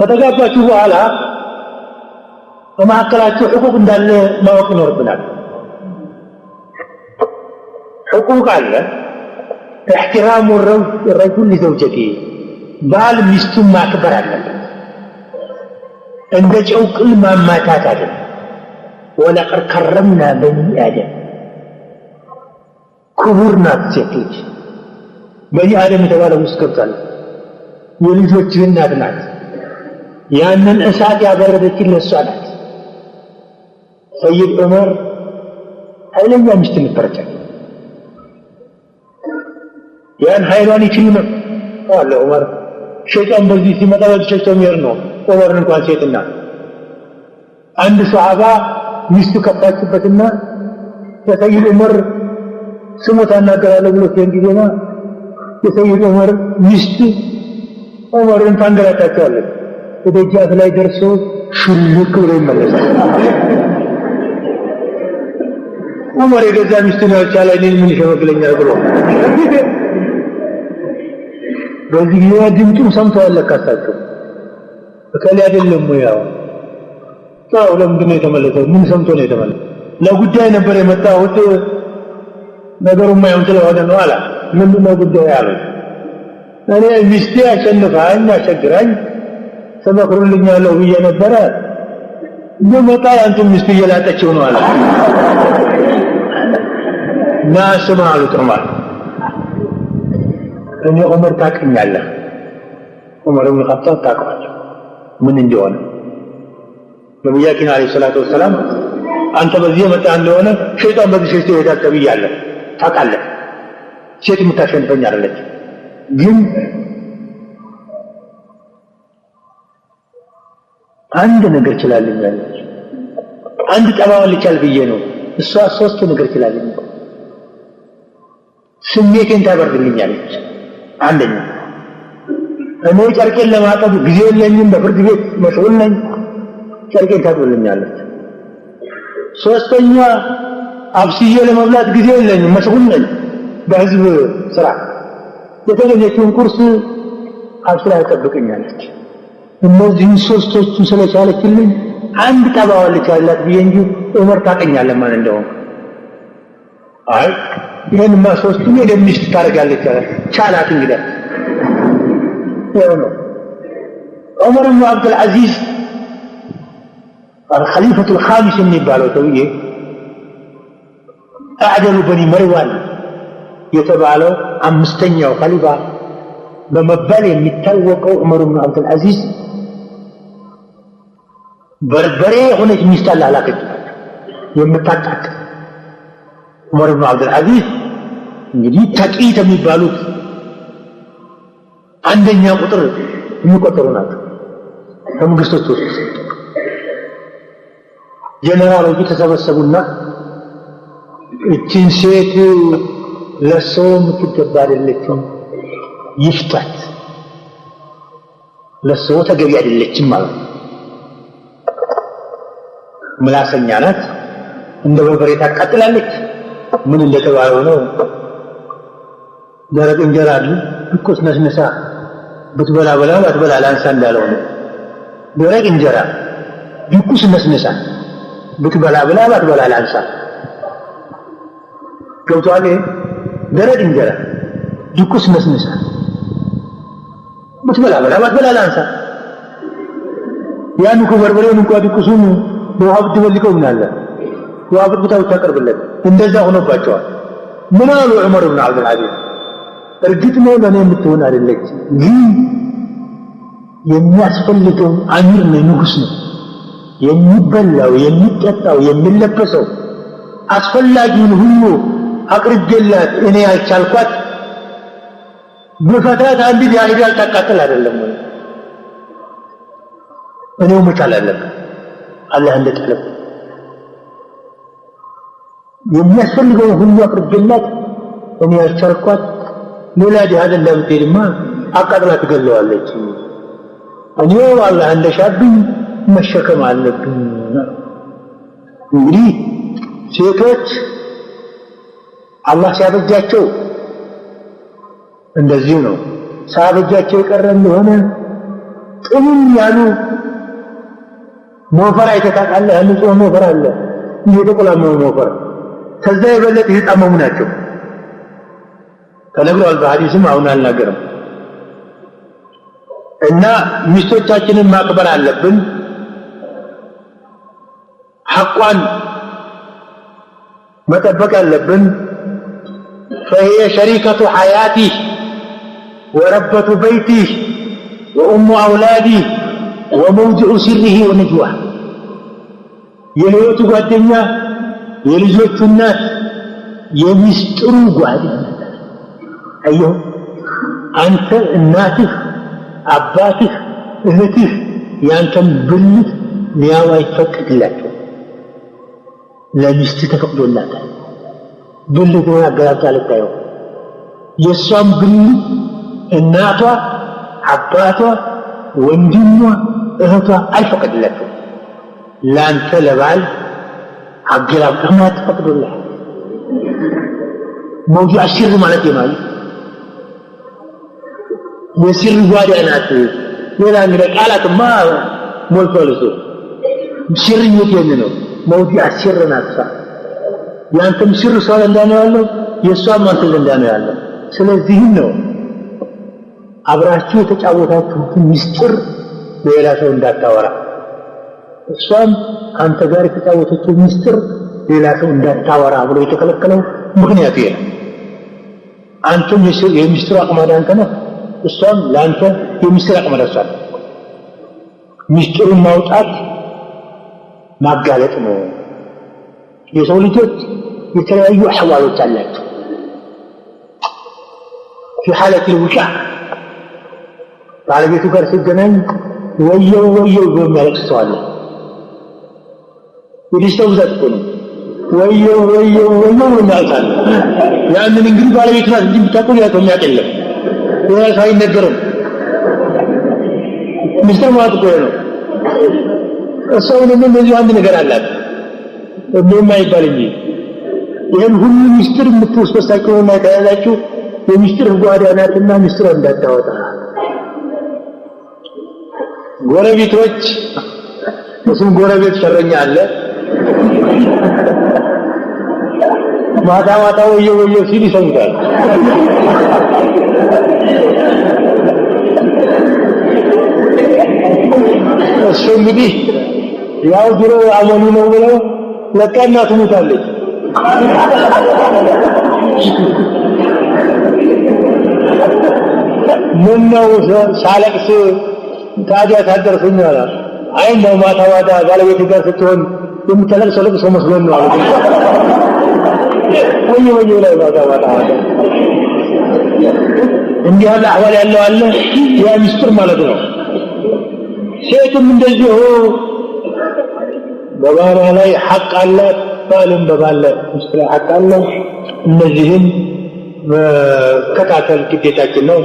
ከተጋባችሁ በኋላ በመካከላችሁ ሕቁቅ እንዳለ ማወቅ ይኖርብናል። ሕቁቅ አለ። እሕትራሙ ረጁል ሊዘውጀት ባል ሚስቱን ማክበር አለበት። እንደ ጨውቅል ማማታት አለ። ወለቀድ ከረምና በኒ አደም ክቡር ናት ሴቶች። በኒ አደም የተባለ ውስጥ ገብታል። የልጆችህ እናት ናት። ያንን እሳት ያበረደች እሷ ሰይድ ዑመር ኃይለኛ ሚስት ነበረች። ያን ኃይሏን ይችል ነው አለ ዑመር። ሸይጣን በዚህ ሲመጣ በተሸሽቶ ሚሄድ ነው። ዑመርን እንኳን ሴትና አንድ ሰሃባ ሚስቱ ከፋችበትና የሰይድ ዑመር ስሙ ታናገራለህ ብሎ ሲሄን ጊዜና የሰይድ ዑመር ሚስት ዑመርን ታንገላታቸዋለች። በደጃፍ ላይ ደርሶ ሹልክ ብሎ ይመለሳል። ዑመር የገዛ ሚስቱን ያልቻለ እኔን ምን ይሸመግለኛል ብሎ በዚህ ጊዜ ድምፁም ሰምተዋል። ለካ እሳቸው እከሌ አይደለም ሙያው ጣው ለምንድን ነው የተመለሰው? ምን ሰምቶ ነው የተመለሰው? ለጉዳይ ነበር የመጣሁት ነገሩ ማይሆን ስለሆነ ነው አላ ምንድን ነው ጉዳዩ አለ እኔ ሚስቴ አሸንፋኝ አስቸግራኝ ያለው ብዬ ነበረ በመጣ አንቺም ሚስቱ እየላጠችው ነው አለ ና ስማ አሉት ዑመር እኔ ዑመር ታቀኛለህ ዑመር ብን ኸጣብ ታቀዋል ምን እንደሆነ ነቢያችን አለ ሰላቱ ወሰላም አንተ በዚህ የመጣ እንደሆነ ሸይጣን በዚህ ሸሽቶ ይሄዳል ተብያለሁ ታውቃለህ ሴት የምታሸንፈኝ አለች ግን አንድ ነገር ችላልኛለች። አንድ ጠባዋን ልቻል ብዬ ነው። እሷ ሶስት ነገር ችላልኝ። ስሜቴን ታበርድልኛለች። አንደኛ እኔ ጨርቄን ለማጠብ ጊዜ የለኝም፣ በፍርድ ቤት መሽጉል ነኝ። ጨርቄን ታጥብልኛለች። ሶስተኛ አብስዬ ለመብላት ጊዜ የለኝም፣ መሽጉል ነኝ በህዝብ ስራ። የተገኘችውን ቁርስ አብስላ ትጠብቀኛለች። እነዚህን ሶስቶቹ ስለቻለችልኝ አንድ ጠባዋለች አላት ብዬ እንጂ ዑመር ታቀኛለህ ማን እንደሆነ አይ ይህንማ ሶስቱን የደም ሚስት ታደርጋለች ያላት ቻላት። እንግዲህ ይኸው ነው ዑመር ብኑ አብዱልዓዚዝ አልኸሊፈቱ ልኻሚስ የሚባለው ሰውዬ አዕደሉ በኒ መርዋን የተባለው አምስተኛው ኸሊፋ በመባል የሚታወቀው ዑመር ብኑ አብዱልዓዚዝ በርበሬ የሆነች ሚስት አላህ ላከችላቸው የምታጣቅ ዑመር ብኑ አብዱልዓዚዝ እንግዲህ ተቂ የሚባሉት አንደኛ ቁጥር የሚቆጠሩ ናቸው። ከመንግስቶች ውስጥ ጀነራሎቹ ተሰበሰቡና እችን ሴት ለሰው የምትገባ አይደለችም፣ ይፍታት፣ ለሰው ተገቢ አይደለችም ማለት ነው። ምላሰኛ ናት፣ እንደ በርበሬ ታቃጥላለች። ምን እንደተባለው ነው። ደረቅ እንጀራ አለ ትኩስ ነስነሳ ብትበላ በላ አትበላ ላንሳ እንዳለው ነው። ደረቅ እንጀራ ትኩስ ነስነሳ ብትበላ በላ አትበላ ላንሳ ገብቷል። ደረቅ እንጀራ ትኩስ ነስነሳ ብትበላ በላ አትበላ ላንሳ ያን እኮ እንኳ ትኩሱን በውሃ ምን አለ? ውሃ ብትታ ብታቀርብለን እንደዛ ሆኖባቸዋል። ምን አሉ ዑመር ብን ዓብድልዓዚዝ እርግጥ ነው ለእኔ የምትሆን አይደለች፣ ግን የሚያስፈልገው አሚር ነው፣ ንጉሥ ነው። የሚበላው የሚጠጣው የሚለበሰው አስፈላጊውን ሁሉ አቅርቤላት እኔ ያልቻልኳት ብፈታት አንዲት ያህል ታቃጥል አይደለም ወይ እኔው መቻል አለብን። አላህ ለጠለብ የሚያስፈልገውን ሁሉ አቅርቤላት እኔ ያስቻልኳት ሌላ ድሃ እንዳምትሄድማ አቃጥላ ትገለዋለች። እኔ አላህ እንደሻብኝ መሸከም አለብኝ። እንግዲህ ሴቶች አላህ ሲያበጃቸው እንደዚህ ነው። ሳበጃቸው የቀረ እንደሆነ ጥምም ያሉ موفر أي تتعقل لها اللي موفر ألا إنه تقول أمه موفر كذا يبلت هيت أمه مناكو فنقرأ البحادي سمع هنا لنقرم إنا مستوى تاكين ما قبر على لبن حقوان ما تبقى لبن فهي شريكة حياتي وربة بيتي وأم أولادي ወመውጅዑ ሲርህ ወንጅዋ የህይወቱ ጓደኛ የልጆቹ እናት የሚስጥሩ ጓደኛ አየሁ አንተ እናትህ አባትህ እህትህ ያንተን ብልት ሊያው አይፈቅድላቸው ለሚስት ተፈቅዶላታል ብልት ሆን አገላብጣ ልታየው የእሷም ብልት እናቷ አባቷ ወንድሟ እህቷ አይፈቅድለትም። ለአንተ ለባል አገላ ማትፈቅዱልህ መውጁዕ ሲር ማለት ማለት የሲር ጓዳ ናት። ሌላ እንግዲህ ቃላት ማ እሱ ሲር የት ነው? መውጁዕ ሲር ናት። ያንተም ሲር እሷ ዘንዳ ነው ያለው፣ የእሷም አንተ ዘንዳ ነው ያለው። ስለዚህም ነው አብራችሁ የተጫወታችሁትን ምስጢር ሌላ ሰው እንዳታወራ እሷም አንተ ጋር የተጫወተችው ሚስጥር ሌላ ሰው እንዳታወራ ብሎ የተከለከለው ምክንያቱ ይሄ አንተም የሚስጥሩ አቅማዳ አንተ ነህ፣ እሷም ለአንተ የሚስጥር አቅማዳ እሷ ሚስጥሩን ማውጣት ማጋለጥ ነው። የሰው ልጆች የተለያዩ አሕዋሎች አላቸው። ፊ ሐለት ልውጫ ባለቤቱ ጋር ሲገናኝ ወየው ወየው ብሎ ሰው አለ። እንግዲህ ሰው ብዛት ወየው ወየው ወየው አለ። ያንን እንግዲህ ባለቤት ናት እንጂ ብታቆም ያቆም የሚያቀለም የራሱ አይነገርም። ሚስተር ማለት ነው። እሷም ደግሞ እንደዚሁ አንድ ነገር አላት እሞ የማይባል እንጂ ይህን ሁሉ ሚስጥር የምትወስበሳቸው እና ከያዛችሁ የሚስጥር ጓዳ ናትና ሚስጥር እንዳታወጣ ጎረቤቶች እሱም ጎረቤት ሸረኛ አለ። ማታ ማታ ወዮ ወዮ ሲል ይሰሙታል። እሱ እንግዲህ ያው ድሮ አመሉ ነው ብለው ለቃ እናቱ ምን ነው ሳለቅስ ታዲያ ታደርሱኝ አለ። አይ ነው ማታ ዋዳ ባለቤት ጋር ስትሆን የምታለቅሰው ልቅሶ መስሎን ነው አለ። ወይ ወይ ላይ ማታ ማታ ዋዳ እንዲህ ያለ አህዋል ያለው አለ። ያ ሚስጥር ማለት ነው። ሴትም እንደዚሁ በባሏ ላይ ሐቅ አለ፣ ባልም በባለ ሚስጥር ሚስት ላይ ሐቅ አለው። እነዚህም መከታተል ግዴታችን ነው።